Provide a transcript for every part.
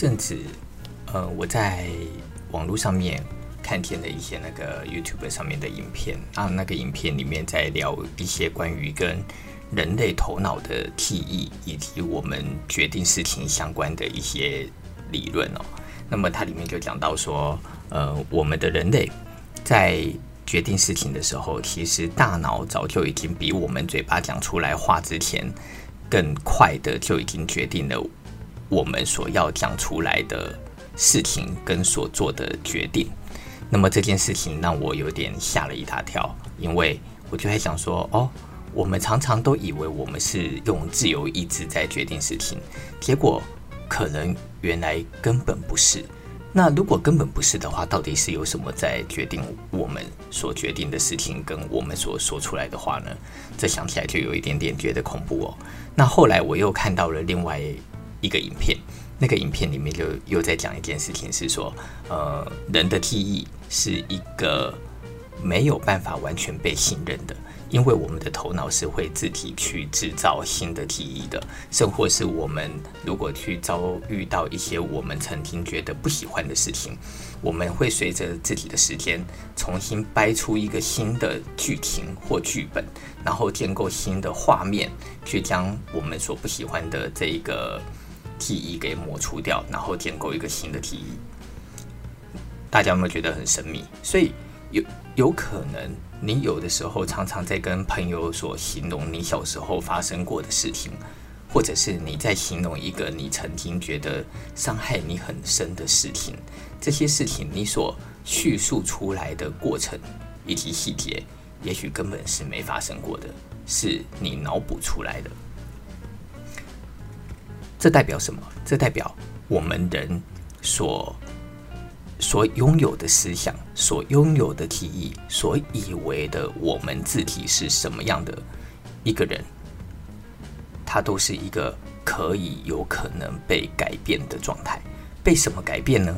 甚至呃，我在網絡上面看見了一些那個 YouTube 上面的影片啊，那個影片裡面在聊一些關於跟人類頭腦的記憶以及我們決定事情相關的一些理論哦。那麼它裡面就講到說，呃，我們的人類在決定事情的時候，其實大腦早就已經比我們嘴巴講出來話之前更快的就已經決定了。我們所要講出來的事情跟所做的決定，那麼這件事情讓我有點嚇了一大跳，因為我就在想說，哦，我們常常都以為我們是用自由意志在決定事情，結果可能原來根本不是。那如果根本不是的話，到底是由什麼在決定我們所決定的事情跟我們所說出來的話呢？這想起來就有一點點覺得恐怖哦。那後來我又看到了另外一個影片，那個影片裡面就又在講一件事情，是說，呃，人的記憶是一個沒有辦法完全被信任的，因為我們的頭腦是會自己去制造新的記憶的，甚或是我們如果去遭遇到一些我們曾經覺得不喜歡的事情，我們會隨着自己的時間重新掰出一個新的劇情或劇本，然後建構新的畫面，去將我們所不喜歡的這一個。記憶給抹除掉，然後建構一個新的記憶。大家有沒有覺得很神祕？所以有有可能，你有的時候常常在跟朋友所形容，你小時候發生過的事情，或者是你在形容一個你曾經覺得傷害你很深的事情，這些事情你所敘述出來的過程以及細節，也許根本是沒發生過的，是你腦補出來的。這代表什麼？這代表我們人所所擁有的思想，所擁有的提議，所以為的我們自己是什麼樣的一個人，他都是一個可以有可能被改變的狀態。被什麼改變呢？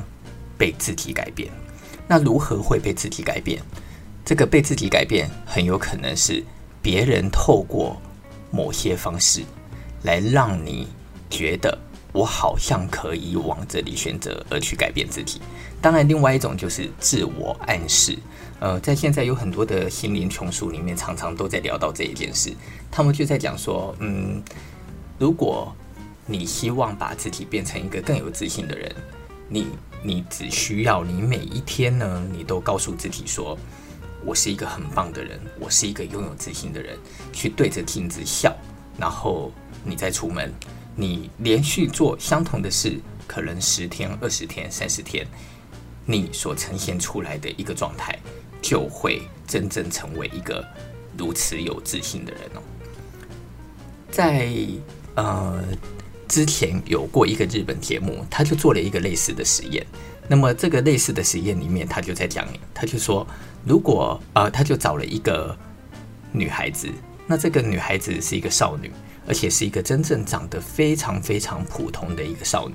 被自己改變。那如何會被自己改變？這個被自己改變，很有可能是別人透過某些方式來讓你。覺得我好像可以往這裡選擇而去改變自己。當然，另外一種就是自我暗示。呃，在現在有很多的心靈窮書裡面，常常都在聊到這一件事。他們就在講說，嗯，如果你希望把自己變成一個更有自信的人，你你只需要你每一天呢，你都告訴自己說：“我是一個很棒的人，我是一個擁有自信的人。”去對着鏡子笑，然後你再出門。你連續做相同的事，可能十天、二十天、三十天，你所呈現出來的一個狀態，就會真正成為一個如此有自信的人哦。在呃之前有過一個日本節目，他就做了一個類似的實驗。那麼這個類似的實驗裡面，他就在講，他就說，如果呃他就找了一個女孩子，那這個女孩子是一個少女。而且是一個真正長得非常非常普通的一個少女，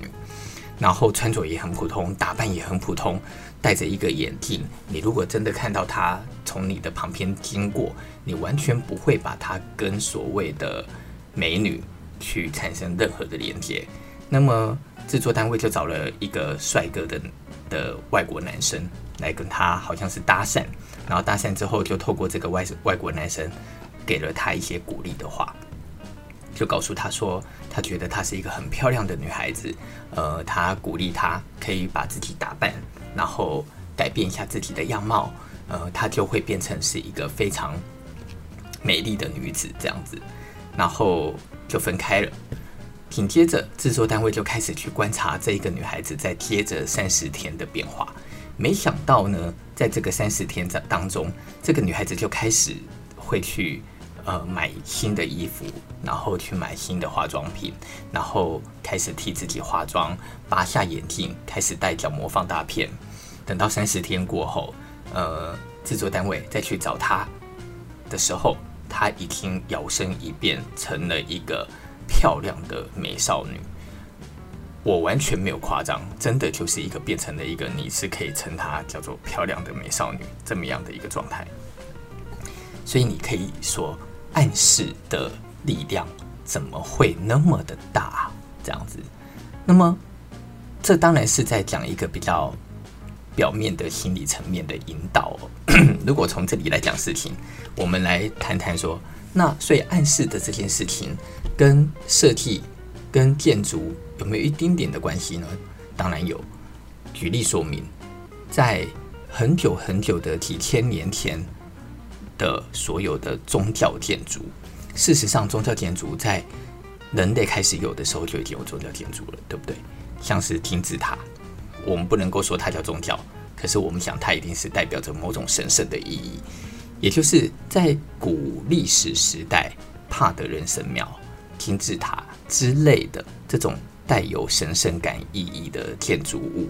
然後穿着也很普通，打扮也很普通，戴着一個眼鏡。你如果真的看到她從你的旁邊經過，你完全不會把她跟所謂的美女去產生任何的連接。那麼製作單位就找了一個帥哥的的外國男生來跟她，好像是搭訕，然後搭訕之後就透過這個外外國男生給了她一些鼓勵的話。就告訴他說，他覺得她是一個很漂亮的女孩子，呃，他鼓勵她可以把自己打扮，然後改變一下自己的樣貌，呃，她就會變成是一個非常美麗的女子，這樣子，然後就分開了。緊接着製作單位就開始去觀察這一個女孩子在接着三十天的變化，沒想到呢，在這個三十天當中，這個女孩子就開始會去。呃，買新的衣服，然後去買新的化妝品，然後開始替自己化妝，拔下眼鏡，開始戴角膜放大片。等到三十天過後，呃，制作單位再去找她的時候，她已經搖身一變成了一個漂亮的美少女。我完全沒有誇張，真的就是一個變成了一個，你是可以稱她叫做漂亮的美少女這麼樣的一個狀態。所以你可以說。暗示的力量怎麼會那麼的大？這樣子，那麼這當然是在講一個比較表面的心理層面的引導哦。 如果從這裡來講事情，我們來談談說，那所以暗示的這件事情跟設計、跟建築有沒有一丁點的關係呢？當然有。舉例說明，在很久很久的幾千年前。的所有的宗教建築，事實上，宗教建築在人類開始有的時候就已經有宗教建築了，對不對？像是金字塔，我們不能夠說它叫宗教，可是我們想它一定是代表着某種神聖的意義。也就是在古歷史時代，帕德人神廟、金字塔之類的這種帶有神聖感意義的建築物，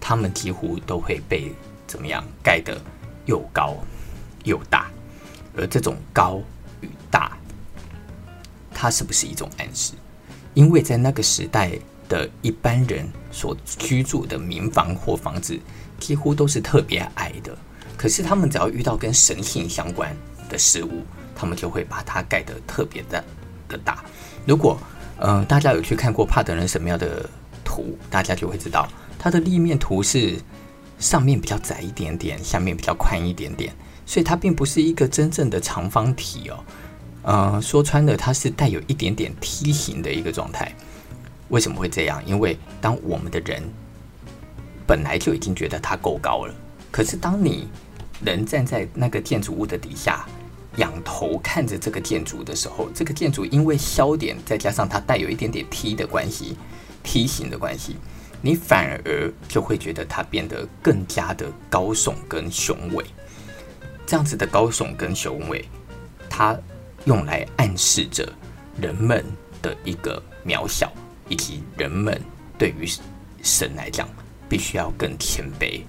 它們幾乎都會被怎麼樣蓋得又高又大。而這種高與大，它是不是一種暗示？因為在那個時代的一般人所居住的民房或房子，幾乎都是特別矮的。可是他們只要遇到跟神性相關的事物，他們就會把它蓋得特別的的大。如果，嗯、呃，大家有去看過帕德嫩神廟的圖，大家就會知道它的立面圖是上面比較窄一點點，下面比較寬一點點。所以它並不是一個真正的長方體哦，呃，說穿了，它是帶有一點點梯形的一個狀態。為什麼會這樣？因為當我們的人本來就已經覺得它夠高了，可是當你人站在那個建築物的底下，仰頭看着這個建築的時候，這個建築因為消點，再加上它帶有一點點梯的關係、梯形的關係，你反而就會覺得它變得更加的高聳跟雄偉。這樣子的高聳跟雄偉，它用來暗示着人們的一個渺小，以及人們對於神來講必須要更謙卑。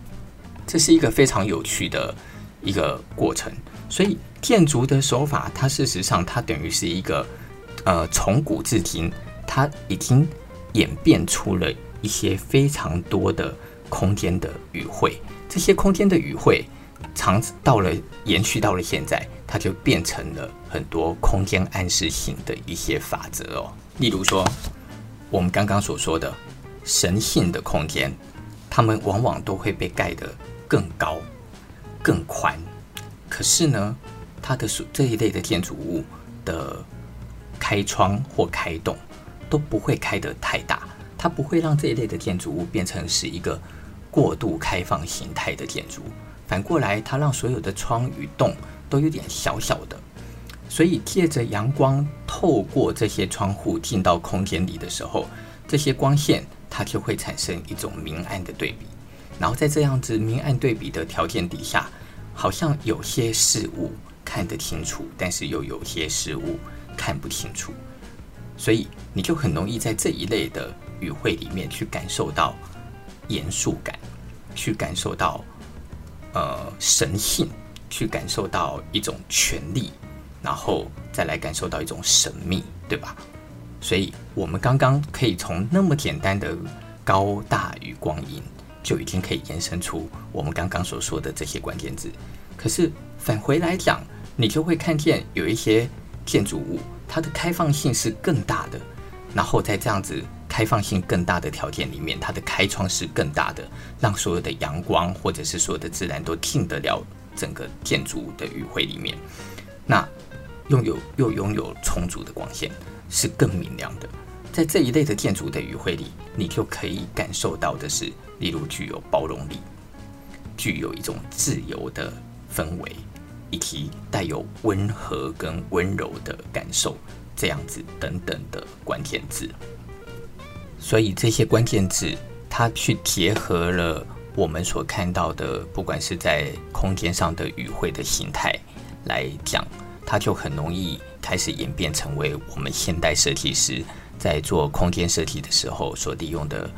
這是一個非常有趣的一個過程。所以建築的手法，它事實上它等於是一個，呃，從古至今，它已經演變出了一些非常多的空間的語彙。這些空間的語彙。長到了延續到了現在，它就變成了很多空間暗示性的一些法則哦。例如說，我們剛剛所說的神性的空間，它們往往都會被蓋得更高、更寬。可是呢，它的這一類的建築物的開窗或開洞都不會開得太大，它不會讓這一類的建築物變成是一個過度開放形態的建築物。反過來，它讓所有的窗與洞都有點小小的，所以借着陽光透過這些窗戶進到空間裡的時候，這些光線它就會產生一種明暗的對比。然後在這樣子明暗對比的條件底下，好像有些事物看得清楚，但是又有些事物看不清楚，所以你就很容易在這一類的語彙裡面去感受到嚴肅感，去感受到。呃，神性去感受到一種權力，然後再來感受到一種神秘，對吧？所以我們剛剛可以從那麼簡單的高大與光影，就已經可以延伸出我們剛剛所說的這些關鍵字。可是返回來講，你就會看見有一些建築物，它的開放性是更大的，然後再這樣子，開放性更大的條件裡面，它的開窗是更大的，讓所有的陽光或者是所有的自然都進得了整個建築的餘暉裡面。那擁有又擁有充足的光線，是更明亮的。在這一類的建築的餘暉裡，你就可以感受到的是，例如具有包容力，具有一種自由的氛圍，以及帶有溫和跟溫柔的感受，這樣子等等的關鍵字。所以這些關鍵字，它去結合了我們所看到的，不管是在空間上的語彙的形態來講，它就很容易開始演變成為我們現代設計師在做空間設計的時候所利用的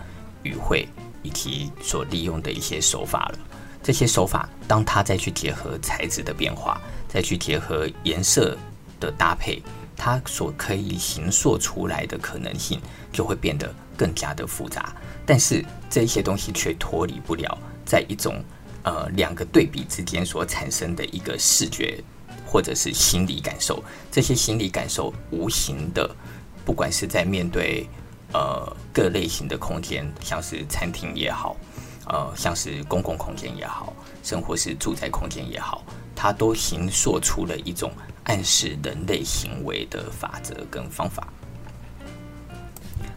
語彙，以及所利用的一些手法了。這些手法，當它再去結合材質的變化，再去結合顏色的搭配。它所可以形塑出來的可能性就會變得更加的複雜，但是這些東西卻脫離不了在一種呃兩個對比之間所產生的一個視覺或者是心理感受，這些心理感受無形的，不管是在面對呃各類型的空間，像是餐廳也好，呃像是公共空間也好，甚至是住宅空間也好，它都形塑出了一種。暗示人類行為的法則跟方法，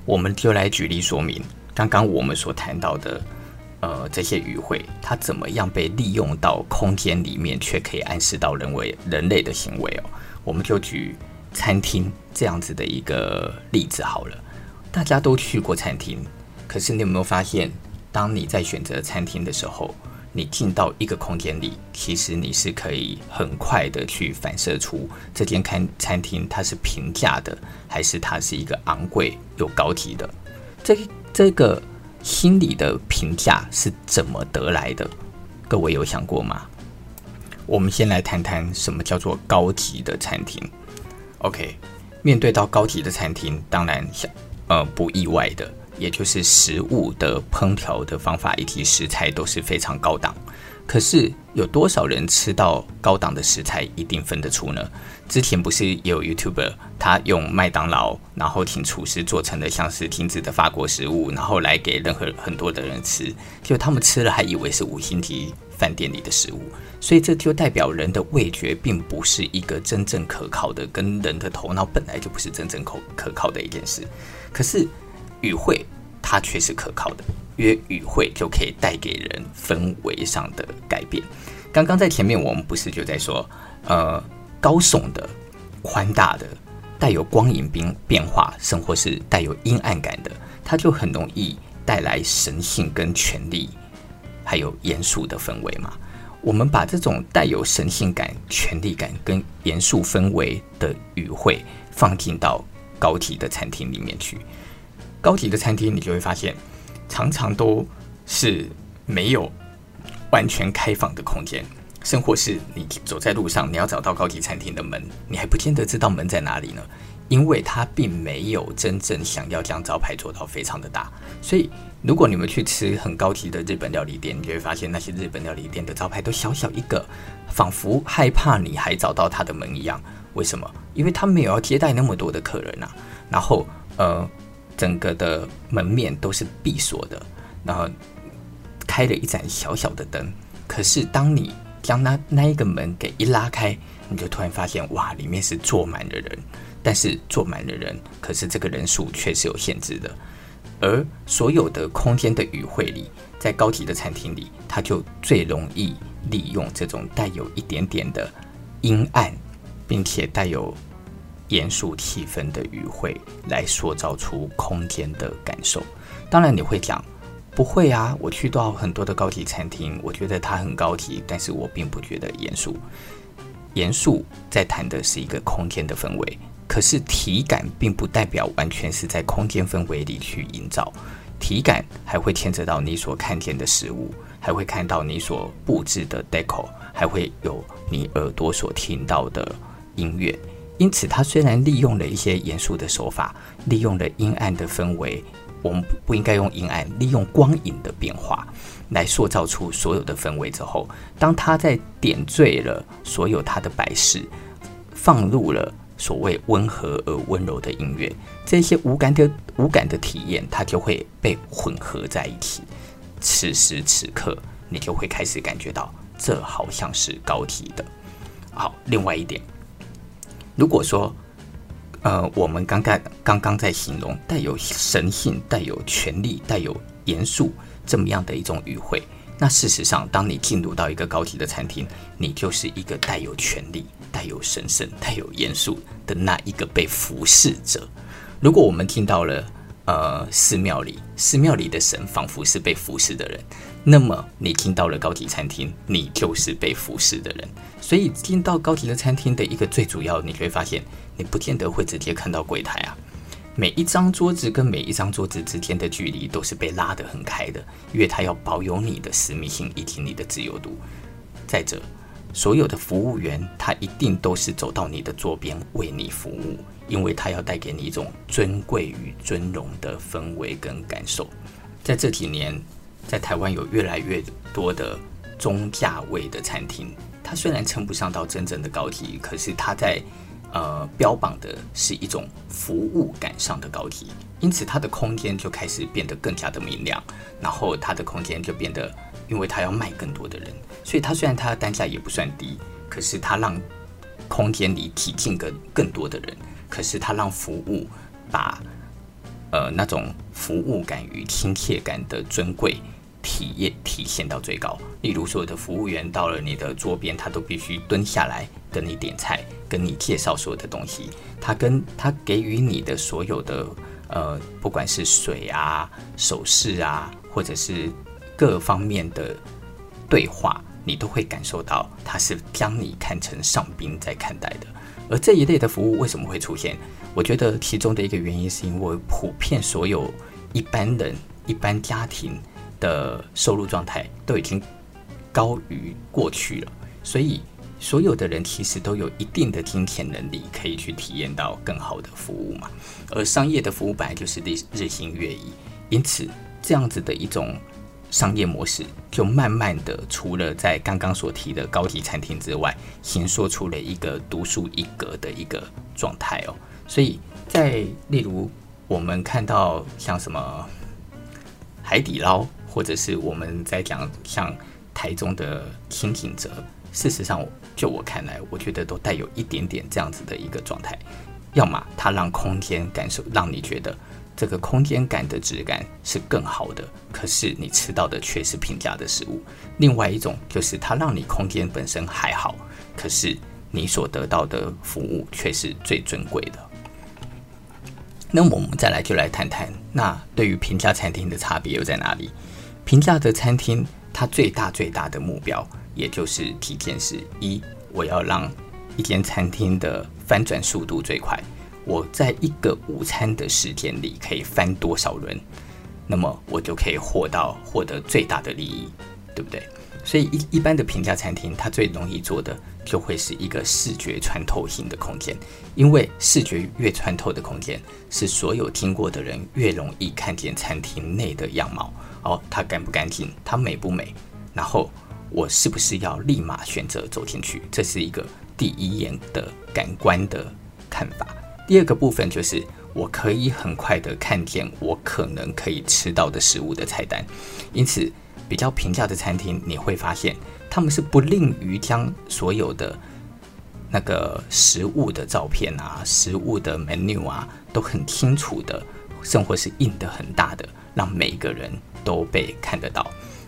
我們就來舉例說明剛剛我們所談到的，呃，這些語彙它怎麼樣被利用到空間裡面，卻可以暗示到人為人類的行為哦。我們就舉餐廳這樣子的一個例子好了，大家都去過餐廳，可是你有沒有發現，當你在選擇餐廳的時候？你進到一個空間裡，其實你是可以很快的去反射出這間餐餐廳它是平價的，還是它是一個昂貴又高級的。這這個心理的評價是怎麼得來的？各位有想過嗎？我們先來談談什麼叫做高級的餐廳。OK，面對到高級的餐廳，當然想，呃，不意外的。也就是食物的烹調的方法以及食材都是非常高檔，可是有多少人吃到高檔的食材一定分得出呢？之前不是也有 YouTuber 他用麥當勞，然後請廚師做成的像是精緻的法國食物，然後來給任何很多的人吃，結果他們吃了還以為是五星級飯店裡的食物，所以這就代表人的味覺並不是一個真正可靠的，跟人的頭腦本來就不是真正可可靠的一件事，可是。語彙，它確實可靠的，因為語彙就可以帶給人氛圍上的改變。剛剛在前面我們不是就在說，呃，高聳的、寬大的、帶有光影變變化，甚或是帶有陰暗感的，它就很容易帶來神性跟權力，還有嚴肅的氛圍嘛。我們把這種帶有神性感、權力感跟嚴肅氛圍的語彙，放進到高級的餐廳裡面去。高級的餐廳，你就會發現，常常都是沒有完全開放的空間，甚或是你走在路上，你要找到高級餐廳的門，你還不見得知道門在哪裡呢，因為它並沒有真正想要將招牌做到非常的大。所以，如果你們去吃很高級的日本料理店，你就會發現那些日本料理店的招牌都小小一個，仿佛害怕你還找到他的門一樣。為什麼？因為他沒有要接待那麼多的客人吶啊。然後，呃。整個的門面都是閉鎖的，然後開了一盞小小的燈。可是當你將那那一個門給一拉開，你就突然發現，哇，裡面是坐滿了人。但是坐滿了人，可是這個人數卻是有限制的。而所有的空間的語彙裡，在高級的餐廳裡，它就最容易利用這種帶有一點點的陰暗，並且帶有。嚴肅氣氛的語彙來塑造出空間的感受。當然，你會講，不會啊？我去到很多的高級餐廳，我覺得它很高級，但是我並不覺得嚴肅。嚴肅在談的是一個空間的氛圍，可是體感並不代表完全是在空間氛圍裡去營造。體感還會牽扯到你所看見的食物，還會看到你所佈置的 deco，還會有你耳朵所聽到的音樂。因此，他雖然利用了一些嚴肅的手法，利用了陰暗的氛圍，我們不應該用陰暗，利用光影的變化來塑造出所有的氛圍。之後，當他在點綴了所有他的擺飾，放入了所謂溫和而溫柔的音樂，這些無感的無感的體驗，它就會被混合在一起。此時此刻，你就會開始感覺到，這好像是高級的。好，另外一點。如果說，呃，我們剛剛剛剛在形容帶有神性、帶有權力、帶有嚴肅這麼樣的一種語彙，那事實上，當你進入到一個高級的餐廳，你就是一個帶有權力、帶有神聖、帶有嚴肅的那一個被服侍者。如果我們聽到了，呃，寺廟裡，寺廟裡的神仿佛是被服侍的人。那麼，你進到了高級餐廳，你就是被服侍的人。所以，進到高級的餐廳的一個最主要，你會發現，你不見得會直接看到櫃檯啊。每一張桌子跟每一張桌子之間的距離都是被拉得很開的，因為它要保有你的私密性以及你的自由度。再者，所有的服務員，他一定都是走到你的桌邊為你服務，因為他要帶給你一種尊貴與尊榮的氛圍跟感受。在這幾年，在台灣有越來越多的中價位的餐廳，它雖然稱不上到真正的高級，可是它在，呃，標榜的是一種服務感上的高級，因此它的空間就開始變得更加的明亮，然後它的空間就變得，因為它要賣更多的人。所以它雖然它的單價也不算低，可是它讓空間裡擠進個更多的人，可是它讓服務把呃那種服務感與親切感的尊貴體驗體現到最高。例如所有的服務員到了你的桌邊，他都必須蹲下來跟你點菜，跟你介紹所有的東西。他跟他給予你的所有的呃，不管是水啊、手勢啊，或者是各方面的對話。你都會感受到他是將你看成上賓在看待的，而這一類的服務為什麼會出現？我覺得其中的一個原因是因為普遍所有一般人、一般家庭的收入狀態都已經高於過去了，所以所有的人其實都有一定的金錢能力可以去體驗到更好的服務嘛。而商業的服務本來就是日日新月異，因此這樣子的一種。商業模式就慢慢的，除了在剛剛所提的高級餐廳之外，顯示出了一個獨樹一格的一個狀態哦。所以在例如我們看到像什麼海底撈，或者是我們在講像台中的輕井澤，事實上就我看來，我覺得都帶有一點點這樣子的一個狀態，要麼它讓空間感受，讓你覺得。這個空間感的質感是更好的，可是你吃到的卻是平價的食物。另外一種就是它讓你空間本身還好，可是你所得到的服務卻是最尊貴的。那我們再來就來談談，那對於平價餐廳的差別又在哪裡？平價的餐廳它最大最大的目標，也就是體現是一，我要讓一間餐廳的翻轉速度最快。我在一個午餐的時間裡可以翻多少輪，那麼我就可以獲到獲得最大的利益，對不對？所以一一般的平價餐廳，它最容易做的就會是一個視覺穿透型的空間，因為視覺越穿透的空間，是所有聽過的人越容易看見餐廳內的樣貌，哦，它乾不乾淨，它美不美，然後我是不是要立馬選擇走進去？這是一個第一眼的感官的看法。第二個部分就是，我可以很快的看見我可能可以吃到的食物的菜單，因此比較平價的餐廳你會發現，他們是不吝於將所有的那個食物的照片啊、食物的 menu 啊，都很清楚的，甚或是印得很大的，讓每一個人都被看得到。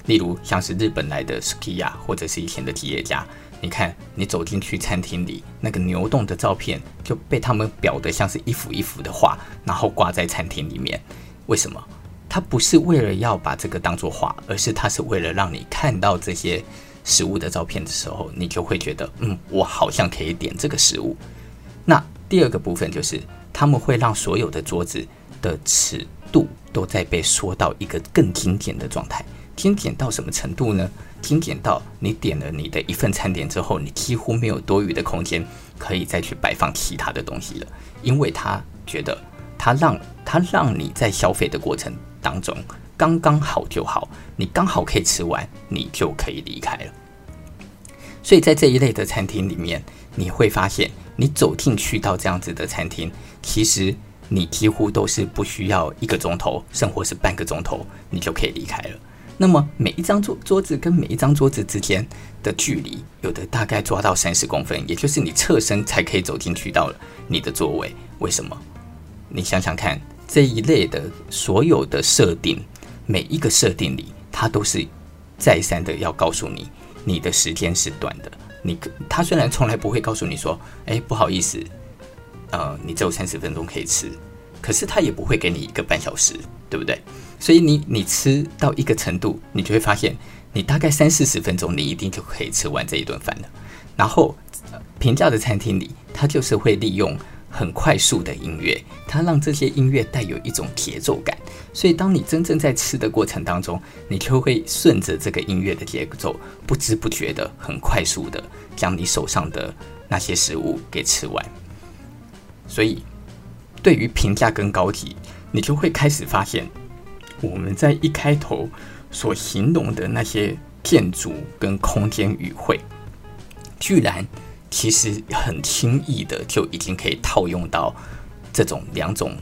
例如像是日本來的 Sukiya 或者是以前的企業家。你看，你走進去餐廳裡，那個牛丼的照片就被他們裱得像是一幅一幅的畫，然後掛在餐廳裡面。為什麼？他不是為了要把這個當做畫，而是他是為了讓你看到這些食物的照片的時候，你就會覺得，嗯，我好像可以點這個食物。那第二個部分就是，他們會讓所有的桌子的尺度都在被縮到一個更精簡的狀態。精簡到什麼程度呢？精簡到你點了你的一份餐點之後，你幾乎沒有多餘的空間可以再去擺放其他的東西了。因為他覺得他讓他讓你在消費的過程當中剛剛好就好，你剛好可以吃完，你就可以離開了。所以在這一類的餐廳裡面，你會發現你走進去到這樣子的餐廳，其實你幾乎都是不需要一個鐘頭，甚或是半個鐘頭，你就可以離開了。那麼每一張桌桌子跟每一張桌子之間的距離，有的大概抓到三十公分，也就是你側身才可以走進去到了你的座位。為什麼？你想想看，這一類的所有的設定，每一個設定裡，它都是再三的要告訴你，你的時間是短的。你可它雖然從來不會告訴你說，哎、欸，不好意思，呃，你只有三十分鐘可以吃，可是它也不會給你一個半小時。對不對？所以你你吃到一個程度，你就會發現，你大概三四十分鐘，你一定就可以吃完這一頓飯了。然後平價的餐廳裡，它就是會利用很快速的音樂，它讓這些音樂帶有一種節奏感。所以當你真正在吃的過程當中，你就會順着這個音樂的節奏，不知不覺的很快速的將你手上的那些食物給吃完。所以對於平價跟高級。你就會開始發現，我們在一開頭所形容的那些建築跟空間語彙，居然其實很輕易的就已經可以套用到這種兩種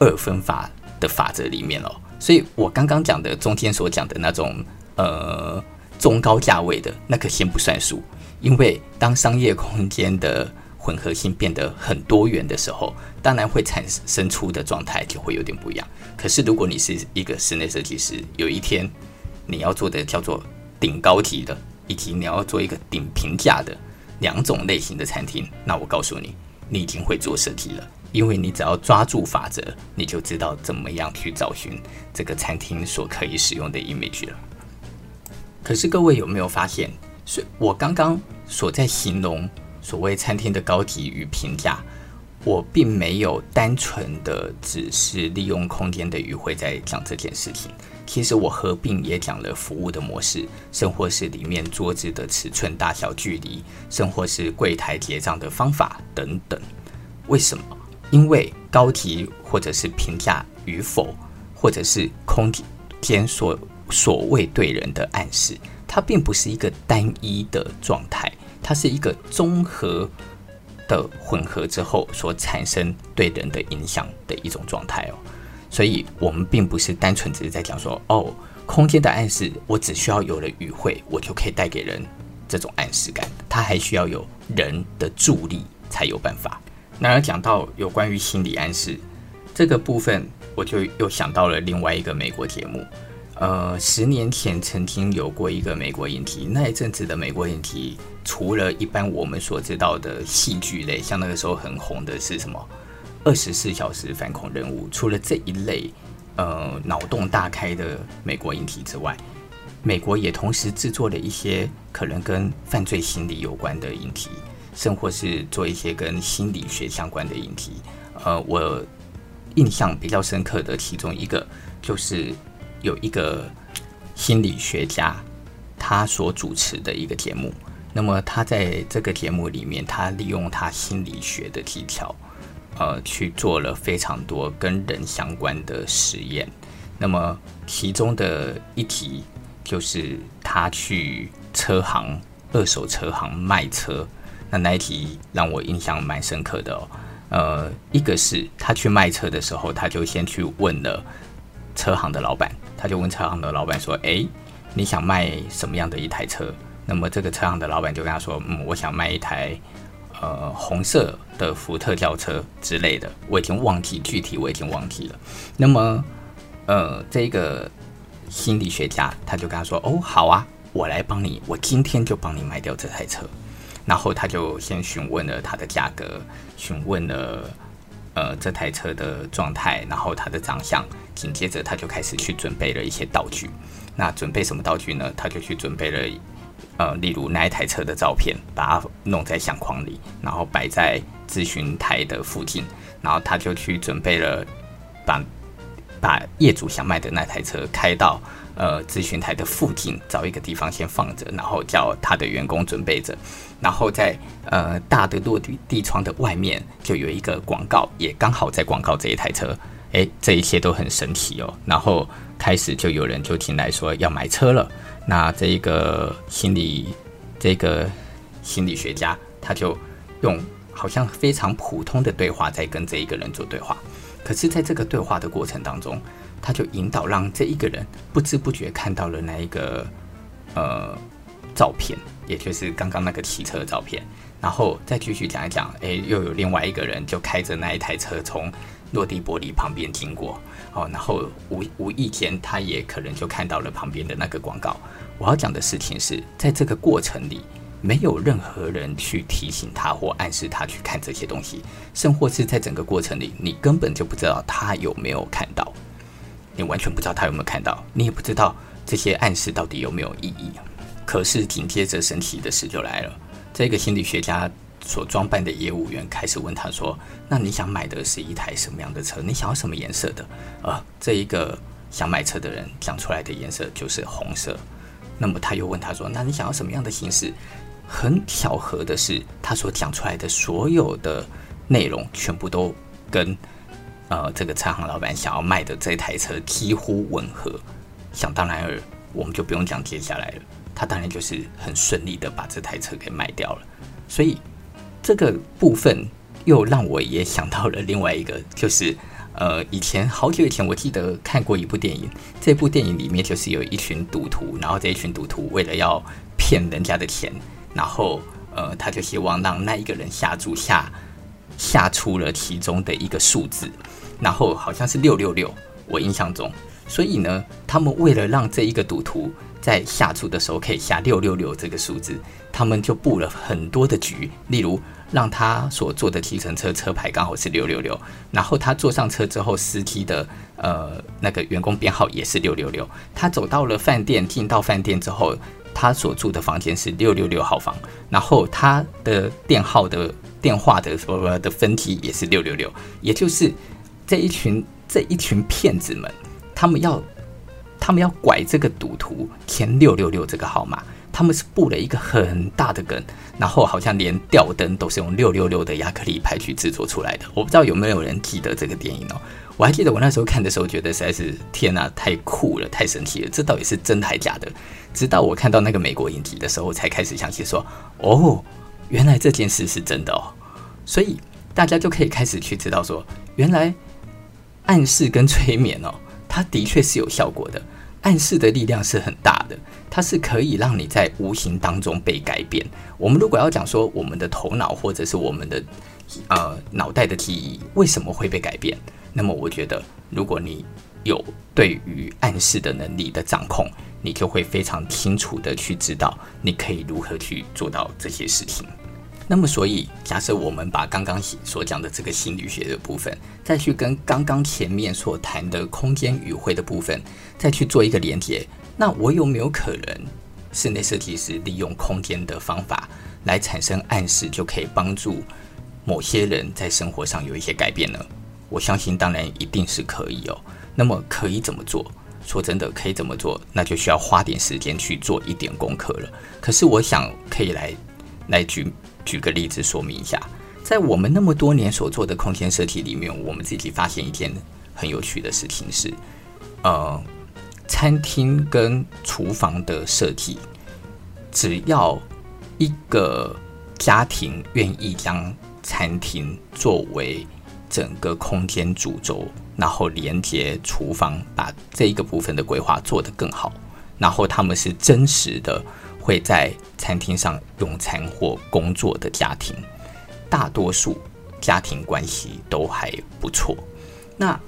二分法的法則裡面了。所以我剛剛講的中間所講的那種呃中高價位的，那可先不算數，因為當商業空間的混合性變得很多元的時候。當然會產生出的狀態就會有點不一樣。可是如果你是一個室內設計師，有一天你要做的叫做頂高級的，以及你要做一個頂平價的兩種類型的餐廳，那我告訴你，你已經會做設計了，因為你只要抓住法則，你就知道怎麼樣去找尋這個餐廳所可以使用的 image 了。可是各位有沒有發現，所以我剛剛所在形容所謂餐廳的高級與平價，我並沒有單純的只是利用空間的餘會在講這件事情。其實我合併也講了服務的模式，甚或是裡面桌子的尺寸大小、距離，甚或是櫃檯結賬的方法等等。為什麼？因為高級或者是平價與否，或者是空間所所謂對人的暗示，它並不是一個單一的狀態，它是一個綜合。的混合之後，所產生對人的影響的一種狀態哦，所以我們並不是單純只是在講說，哦，空間的暗示，我只需要有了語彙，我就可以帶給人這種暗示感，它還需要有人的助力才有辦法。那要講到有關於心理暗示這個部分，我就又想到了另外一個美國節目。呃，十年前曾經有過一個美國影集，那一陣子的美國影集，除了一般我們所知道的戲劇類，像那個時候很紅的是什麼，《二十四小時反恐任務》，除了這一類，呃，腦洞大開的美國影集之外，美國也同時製作了一些可能跟犯罪心理有關的影集，甚或是做一些跟心理學相關的影集。呃，我印象比較深刻的其中一個就是。有一個心理學家，他所主持的一個節目，那麼他在這個節目裡面，他利用他心理學的技巧，呃，去做了非常多跟人相關的實驗。那麼其中的一題就是他去車行、二手車行賣車，那那一題讓我印象蠻深刻的哦。呃，一個是他去賣車的時候，他就先去問了。車行的老板，他就問車行的老板說：“誒，你想賣什麼樣的一台車？”那麼這個車行的老板就跟他說：“嗯，我想賣一台，呃，紅色的福特轎車之類的，我已經忘記具體，我已經忘記了。”那麼，呃，這個心理學家他就跟他說：“哦，好啊，我來幫你，我今天就幫你賣掉這台車。”然後他就先詢問了他的價格，詢問了。呃，這台車的狀態，然後他的長相，緊接着他就開始去準備了一些道具。那準備什麼道具呢？他就去準備了，呃，例如那一台車的照片，把它弄在相框裡，然後擺在諮詢台的附近。然後他就去準備了把，把把業主想賣的那台車開到，呃，諮詢台的附近，找一個地方先放着，然後叫他的員工準備着。然後在呃大的落地窗的外面就有一個廣告，也剛好在廣告這一台車，哎，這一切都很神奇哦。然後開始就有人就進來說要買車了。那這個心理這個心理學家他就用好像非常普通的對話在跟這一個人做對話，可是在這個對話的過程當中，他就引導讓這一個人不知不覺看到了那一個呃照片。也就是剛剛那個騎車的照片，然後再繼續講一講，誒，又有另外一個人就開着那一台車從落地玻璃旁邊經過，哦，然後無無意間他也可能就看到了旁邊的那個廣告。我要講的事情是，在這個過程裡，沒有任何人去提醒他或暗示他去看這些東西，甚或是在整個過程裡，你根本就不知道他有沒有看到，你完全不知道他有沒有看到，你也不知道這些暗示到底有沒有意義。可是緊接着神奇的事就來了，這個心理學家所裝扮的業務員開始問他說：“那你想買的是一台什麼樣的車？你想要什麼顏色的？”呃，這一個想買車的人講出來的顏色就是紅色。那麼他又問他說：“那你想要什麼樣的形式？”很巧合的是，他所講出來的所有的內容全部都跟呃這個車行老闆想要賣的這台車幾乎吻合。想當然爾，我們就不用講接下來了。他當然就是很順利的把這台車給賣掉了，所以這個部分又讓我也想到了另外一個，就是呃，以前好久以前我記得看過一部電影，這部電影裡面就是有一群賭徒，然後這一群賭徒為了要騙人家的錢，然後呃，他就希望讓那一個人下注，下下出了其中的一個數字，然後好像是六六六，我印象中，所以呢，他們為了讓這一個賭徒。在下注的時候，可以下六六六這個數字，他們就布了很多的局，例如讓他所坐的計程車車牌剛好是六六六，然後他坐上車之後，司機的呃那個員工編號也是六六六，他走到了飯店，進到飯店之後，他所住的房間是六六六號房，然後他的電號的電話的不、呃、的分體也是六六六，也就是這一群這一群騙子們，他們要。他們要拐這個賭徒填六六六這個號碼，他們是布了一個很大的梗，然後好像連吊燈都是用六六六的亞克力牌去製作出來的。我不知道有沒有人記得這個電影哦？我還記得我那時候看的時候，覺得實在是天哪、啊，太酷了，太神奇了。這到底是真的還假的？直到我看到那個美國影集的時候，才開始相信說，哦，原來這件事是真的哦。所以大家就可以開始去知道說，原來暗示跟催眠哦，它的確是有效果的。暗示的力量是很大的，它是可以讓你在無形當中被改變。我們如果要講說我們的頭腦或者是我們的呃腦袋的記憶為什麼會被改變，那麼我覺得如果你有對於暗示的能力的掌控，你就會非常清楚地去知道你可以如何去做到這些事情。那麼，所以假設我們把剛剛所講的這個心理學的部分，再去跟剛剛前面所談的空間語彙的部分，再去做一個連接，那我有沒有可能室內設計師利用空間的方法來產生暗示，就可以幫助某些人在生活上有一些改變呢？我相信，當然一定是可以哦。那麼可以怎麼做？說真的，可以怎麼做？那就需要花點時間去做一點功課了。可是我想可以來來舉。舉個例子說明一下，在我們那麼多年所做的空間設計裡面，我們自己發現一件很有趣的事情是：呃，餐廳跟廚房的設計，只要一個家庭願意將餐廳作為整個空間主軸，然後連接廚房，把這一個部分的規劃做得更好，然後他們是真實的。會在餐廳上用餐或工作的家庭，大多數家庭關係都還不錯。那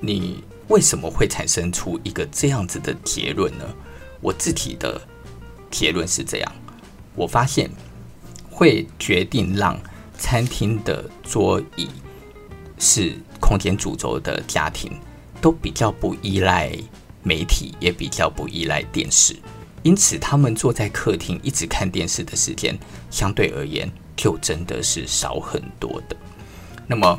你為什麼會產生出一個這樣子的結論呢？我自己的結論是這樣：我發現會決定讓餐廳的桌椅是空間主軸的家庭，都比較不依賴媒體，也比較不依賴電視。因此，他們坐在客廳一直看電視的時間，相對而言就真的是少很多的。那麼，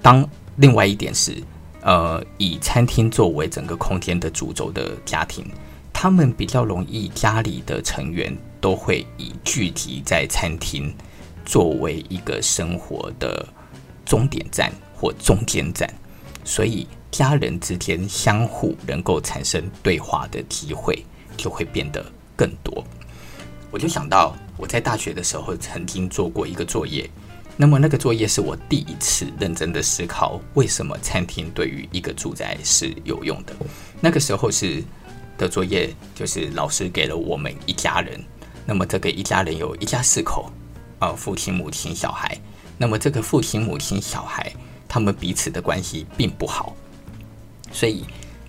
當另外一點是，呃，以餐廳作為整個空間的主軸的家庭，他們比較容易，家裡的成員都會以聚集在餐廳作為一個生活的終點站或中間站，所以家人之間相互能夠產生對話的機會就會變得更多。我就想到我在大學的時候曾經做過一個作業，那麼那個作業是我第一次認真的思考為什麼餐廳對於一個住宅是有用的。那個時候是的作業就是老師給了我們一家人，那麼這個一家人有一家四口啊，父親、母親、小孩。那麼這個父親、母親、小孩他們彼此的關係並不好，所以。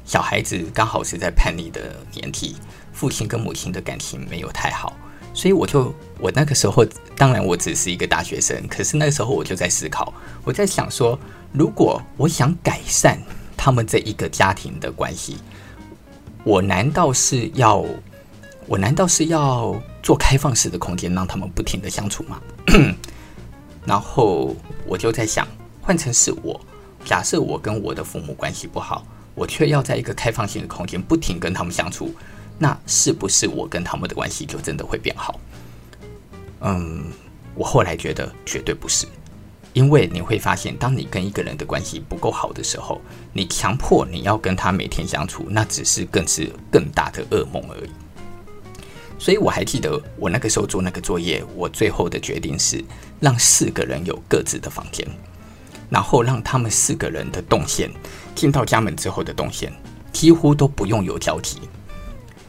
小孩子剛好是在叛逆的年紀，父親跟母親的感情沒有太好，所以我就我那個時候，當然我只是一個大學生，可是那個時候我就在思考，我在想說，如果我想改善他們這一個家庭的關係，我難道是要，我難道是要做開放式的空間，讓他們不停的相處嗎？ 然後我就在想，換成是我，假設我跟我的父母關係不好。我卻要在一個開放性的空間，不停跟他們相處，那是不是我跟他們的關係就真的會變好？嗯，我後來覺得絕對不是，因為你會發現，當你跟一個人的關係不夠好的時候，你強迫你要跟他每天相處，那只是更是更大的噩夢而已。所以我還記得我那個時候做那個作業，我最後的決定是讓四個人有各自的房間，然後讓他們四個人的動線。進到家門之後的動線，幾乎都不用有交集。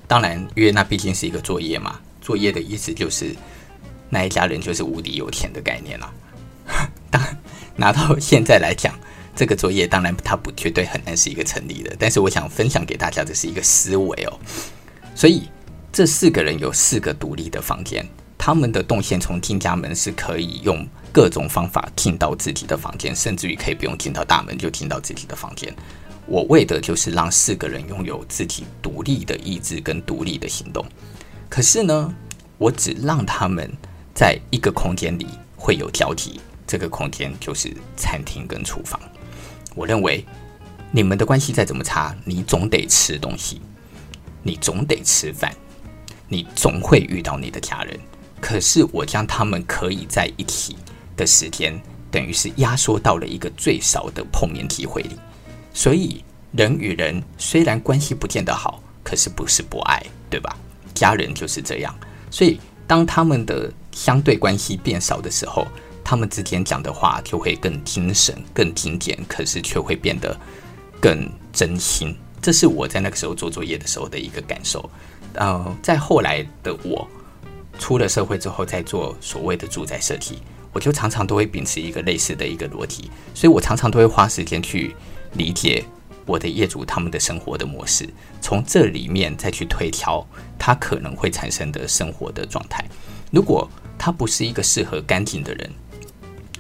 當然，因為那畢竟是一個作業嘛。作業的意思就是，那一家人就是無敵有錢的概念啦、啊。當然拿到現在來講，這個作業當然它不絕對很難是一個成立的。但是我想分享給大家的是一個思維哦。所以這四個人有四個獨立的房間。他們的動線從進家門是可以用各種方法進到自己的房間，甚至於可以不用進到大門就進到自己的房間。我為的就是讓四個人擁有自己獨立的意志跟獨立的行動。可是呢，我只讓他們在一個空間裡會有交集，這個空間就是餐廳跟廚房。我認為你們的關係再怎麼差，你總得吃東西，你總得吃飯，你總會遇到你的家人。可是我將他們可以在一起的時間，等於是壓縮到了一個最少的碰面機會裡，所以人與人雖然關係不見得好，可是不是不愛，對吧？家人就是這樣，所以當他們的相對關係變少的時候，他們之間講的話就會更精神、更經典，可是卻會變得更真心。這是我在那個時候做作業的時候的一個感受。呃，在後來的我。出了社會之後再做所謂的住宅設計，我就常常都會秉持一個類似的一個邏輯，所以我常常都會花時間去理解我的業主他們的生活的模式，從這裡面再去推敲他可能會產生的生活的狀態。如果他不是一個適合乾淨的人，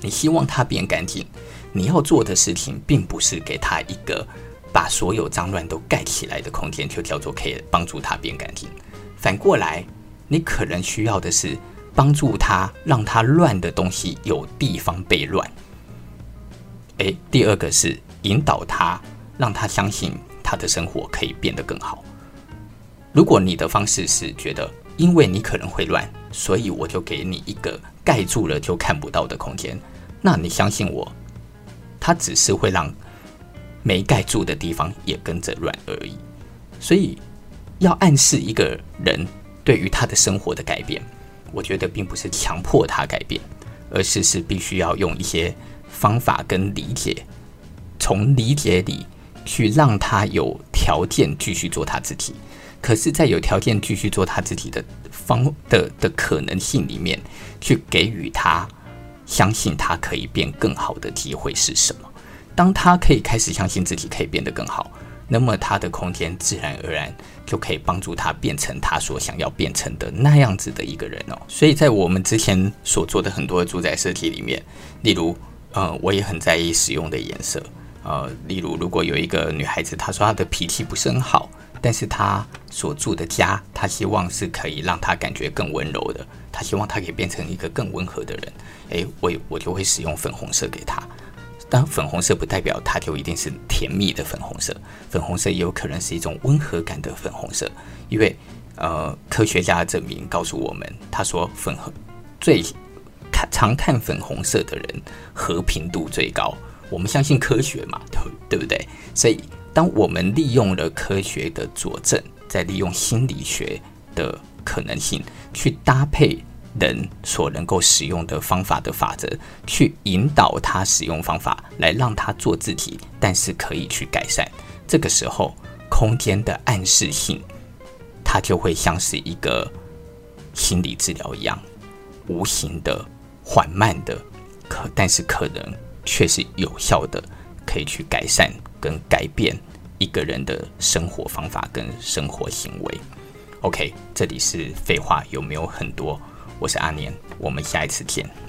你希望他變乾淨，你要做的事情並不是給他一個把所有髒亂都蓋起來的空間，就叫做可以幫助他變乾淨。反過來。你可能需要的是幫助他，讓他亂的東西有地方被亂。誒，第二個是引導他，讓他相信他的生活可以變得更好。如果你的方式是覺得，因為你可能會亂，所以我就給你一個蓋住了就看不到的空間，那你相信我，他只是會讓沒蓋住的地方也跟着亂而已。所以要暗示一個人。對於他的生活的改變，我覺得並不是強迫他改變，而是是必須要用一些方法跟理解，從理解裡去讓他有條件繼續做他自己。可是，在有條件繼續做他自己的方的的的可能性裡面，去給予他相信他可以變更好的機會是什麼？當他可以開始相信自己可以變得更好。那麼他的空間自然而然就可以幫助他變成他所想要變成的那樣子的一個人哦。所以在我們之前所做的很多住宅設計裡面，例如，呃，我也很在意使用的顏色，呃，例如，如果有一個女孩子，她說她的脾氣不是很好，但是她所住的家，她希望是可以讓她感覺更溫柔的，她希望她可以變成一個更溫和的人，誒，我我就會使用粉紅色給她。當然，粉紅色不代表它就一定是甜蜜的粉紅色，粉紅色也有可能是一種溫和感的粉紅色。因為，呃，科學家證明告訴我們，他說粉和最看常看粉紅色的人和平度最高。我們相信科學嘛，對，對不對？所以，當我們利用了科學的佐證，再利用心理學的可能性去搭配。人所能夠使用的方法的法則，去引導他使用方法，來讓他做自己，但是可以去改善。這個時候，空間的暗示性，它就會像是一個心理治療一樣，無形的、緩慢的，可但是可能卻是有效的，可以去改善跟改變一個人的生活方法跟生活行為。OK，這裡是廢話，有沒有很多？我是阿年，我們下一次見。